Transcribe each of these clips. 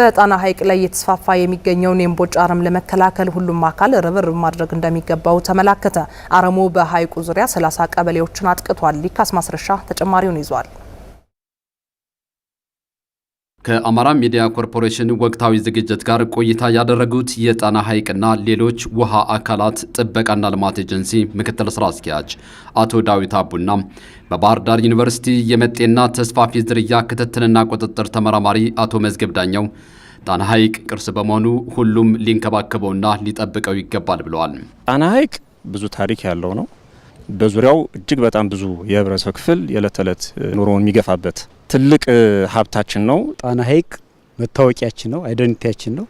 በጣና ሐይቅ ላይ እየተስፋፋ የሚገኘውን የእምቦጭ አረም ለመከላከል ሁሉም አካል ርብርብ ማድረግ እንደሚገባው ተመላከተ። አረሙ በሐይቁ ዙሪያ 30 ቀበሌዎችን አጥቅቷል። ሊካስ ማስረሻ ተጨማሪውን ይዟል። ከአማራ ሚዲያ ኮርፖሬሽን ወቅታዊ ዝግጅት ጋር ቆይታ ያደረጉት የጣና ሐይቅና ሌሎች ውሃ አካላት ጥበቃና ልማት ኤጀንሲ ምክትል ስራ አስኪያጅ አቶ ዳዊት አቡና በባህር ዳር ዩኒቨርሲቲ የመጤና ተስፋፊ ዝርያ ክትትልና ቁጥጥር ተመራማሪ አቶ መዝገብ ዳኘው ጣና ሐይቅ ቅርስ በመሆኑ ሁሉም ሊንከባከበውና ሊጠብቀው ይገባል ብለዋል። ጣና ሐይቅ ብዙ ታሪክ ያለው ነው። በዙሪያው እጅግ በጣም ብዙ የህብረተሰብ ክፍል የዕለት ተዕለት ኑሮውን የሚገፋበት ትልቅ ሀብታችን ነው። ጣና ሐይቅ መታወቂያችን ነው፣ አይደንቲቲያችን ነው፣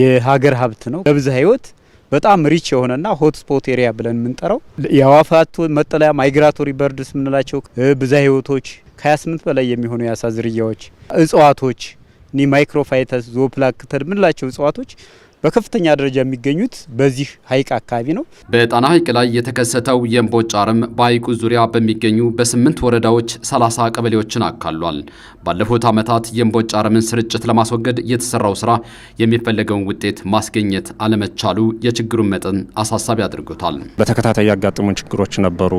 የሀገር ሀብት ነው። ለብዝሃ ህይወት በጣም ሪች የሆነና ሆትስፖት ኤሪያ ብለን የምንጠራው የአዋፋት መጠለያ ማይግራቶሪ በርድስ የምንላቸው ብዝሃ ህይወቶች ከ28 በላይ የሚሆኑ የአሳ ዝርያዎች፣ እጽዋቶች ማይክሮፋይተስ ዞፕላክተን የምንላቸው እጽዋቶች በከፍተኛ ደረጃ የሚገኙት በዚህ ሀይቅ አካባቢ ነው። በጣና ሀይቅ ላይ የተከሰተው የእምቦጭ አረም በሀይቁ ዙሪያ በሚገኙ በስምንት ወረዳዎች ሰላሳ ቀበሌዎችን አካሏል። ባለፉት ዓመታት የእምቦጭ አረምን ስርጭት ለማስወገድ የተሰራው ስራ የሚፈለገውን ውጤት ማስገኘት አለመቻሉ የችግሩን መጠን አሳሳቢ አድርጎታል። በተከታታይ ያጋጠሙን ችግሮች ነበሩ።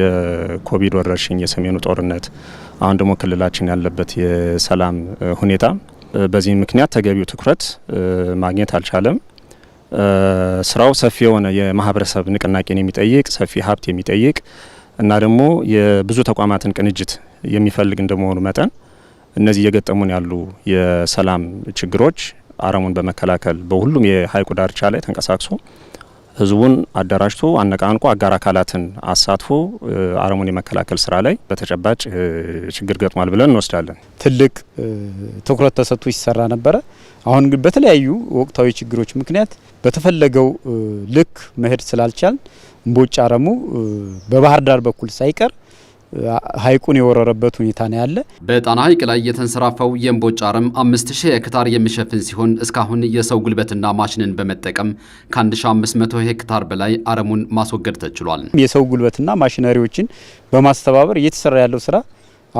የኮቪድ ወረርሽኝ፣ የሰሜኑ ጦርነት፣ አሁን ደግሞ ክልላችን ያለበት የሰላም ሁኔታ በዚህ ምክንያት ተገቢው ትኩረት ማግኘት አልቻለም። ስራው ሰፊ የሆነ የማህበረሰብ ንቅናቄን የሚጠይቅ ሰፊ ሀብት የሚጠይቅ እና ደግሞ የብዙ ተቋማትን ቅንጅት የሚፈልግ እንደመሆኑ መጠን እነዚህ እየገጠሙን ያሉ የሰላም ችግሮች አረሙን በመከላከል በሁሉም የሀይቁ ዳርቻ ላይ ተንቀሳቅሶ ህዝቡን አደራጅቶ አነቃንቆ አጋር አካላትን አሳትፎ አረሙን የመከላከል ስራ ላይ በተጨባጭ ችግር ገጥሟል ብለን እንወስዳለን። ትልቅ ትኩረት ተሰጥቶ ሲሰራ ነበረ። አሁን ግን በተለያዩ ወቅታዊ ችግሮች ምክንያት በተፈለገው ልክ መሄድ ስላልቻል እምቦጭ አረሙ በባህር ዳር በኩል ሳይቀር ሀይቁን የወረረበት ሁኔታ ነው ያለ። በጣና ሀይቅ ላይ የተንሰራፈው የእምቦጭ አረም አምስት ሺህ ሄክታር የሚሸፍን ሲሆን እስካሁን የሰው ጉልበትና ማሽንን በመጠቀም ከ1500 ሄክታር በላይ አረሙን ማስወገድ ተችሏል። የሰው ጉልበትና ማሽነሪዎችን በማስተባበር እየተሰራ ያለው ስራ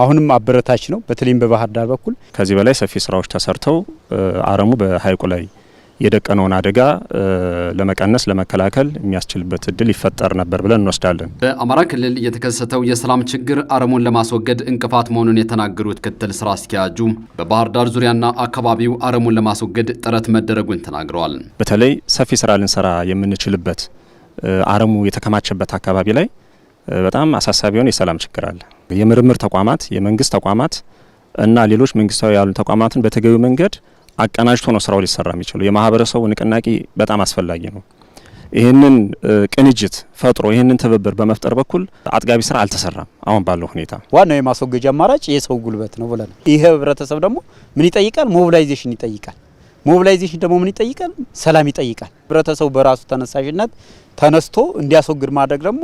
አሁንም አበረታች ነው። በተለይም በባህር ዳር በኩል ከዚህ በላይ ሰፊ ስራዎች ተሰርተው አረሙ በሀይቁ ላይ የደቀነውን አደጋ ለመቀነስ ለመከላከል የሚያስችልበት እድል ይፈጠር ነበር ብለን እንወስዳለን። በአማራ ክልል የተከሰተው የሰላም ችግር አረሙን ለማስወገድ እንቅፋት መሆኑን የተናገሩት ክትል ስራ አስኪያጁ በባህር ዳር ዙሪያና አካባቢው አረሙን ለማስወገድ ጥረት መደረጉን ተናግረዋል። በተለይ ሰፊ ስራ ልንሰራ የምንችልበት አረሙ የተከማቸበት አካባቢ ላይ በጣም አሳሳቢ የሆነ የሰላም ችግር አለ። የምርምር ተቋማት፣ የመንግስት ተቋማት እና ሌሎች መንግስታዊ ያሉ ተቋማትን በተገቢው መንገድ አቀናጅቶ ነው ስራው ሊሰራ የሚችለው። የማህበረሰቡ ንቅናቄ በጣም አስፈላጊ ነው። ይህንን ቅንጅት ፈጥሮ ይህንን ትብብር በመፍጠር በኩል አጥጋቢ ስራ አልተሰራም። አሁን ባለው ሁኔታ ዋናው የማስወገጃ አማራጭ የሰው ጉልበት ነው ብለን ይህ ህብረተሰብ ደግሞ ምን ይጠይቃል? ሞቢላይዜሽን ይጠይቃል። ሞቢላይዜሽን ደግሞ ምን ይጠይቃል? ሰላም ይጠይቃል። ህብረተሰቡ በራሱ ተነሳሽነት ተነስቶ እንዲያስወግድ ማድረግ ደግሞ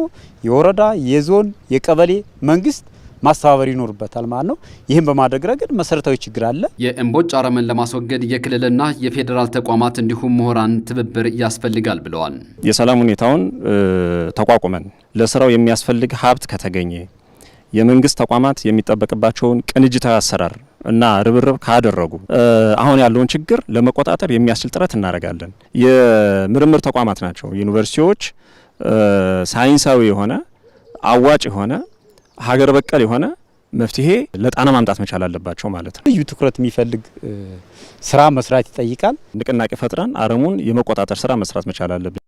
የወረዳ የዞን የቀበሌ መንግስት ማስተባበር ይኖርበታል ማለት ነው። ይህም በማድረግ ረገድ መሰረታዊ ችግር አለ። የእምቦጭ አረምን ለማስወገድ የክልልና የፌዴራል ተቋማት እንዲሁም ምሁራን ትብብር ያስፈልጋል ብለዋል። የሰላም ሁኔታውን ተቋቁመን ለስራው የሚያስፈልግ ሀብት ከተገኘ የመንግስት ተቋማት የሚጠበቅባቸውን ቅንጅታዊ አሰራር እና ርብርብ ካደረጉ አሁን ያለውን ችግር ለመቆጣጠር የሚያስችል ጥረት እናደርጋለን። የምርምር ተቋማት ናቸው ዩኒቨርሲቲዎች ሳይንሳዊ የሆነ አዋጭ የሆነ ሀገር በቀል የሆነ መፍትሄ ለጣና ማምጣት መቻል አለባቸው ማለት ነው። ልዩ ትኩረት የሚፈልግ ስራ መስራት ይጠይቃል። ንቅናቄ ፈጥረን አረሙን የመቆጣጠር ስራ መስራት መቻል አለብን።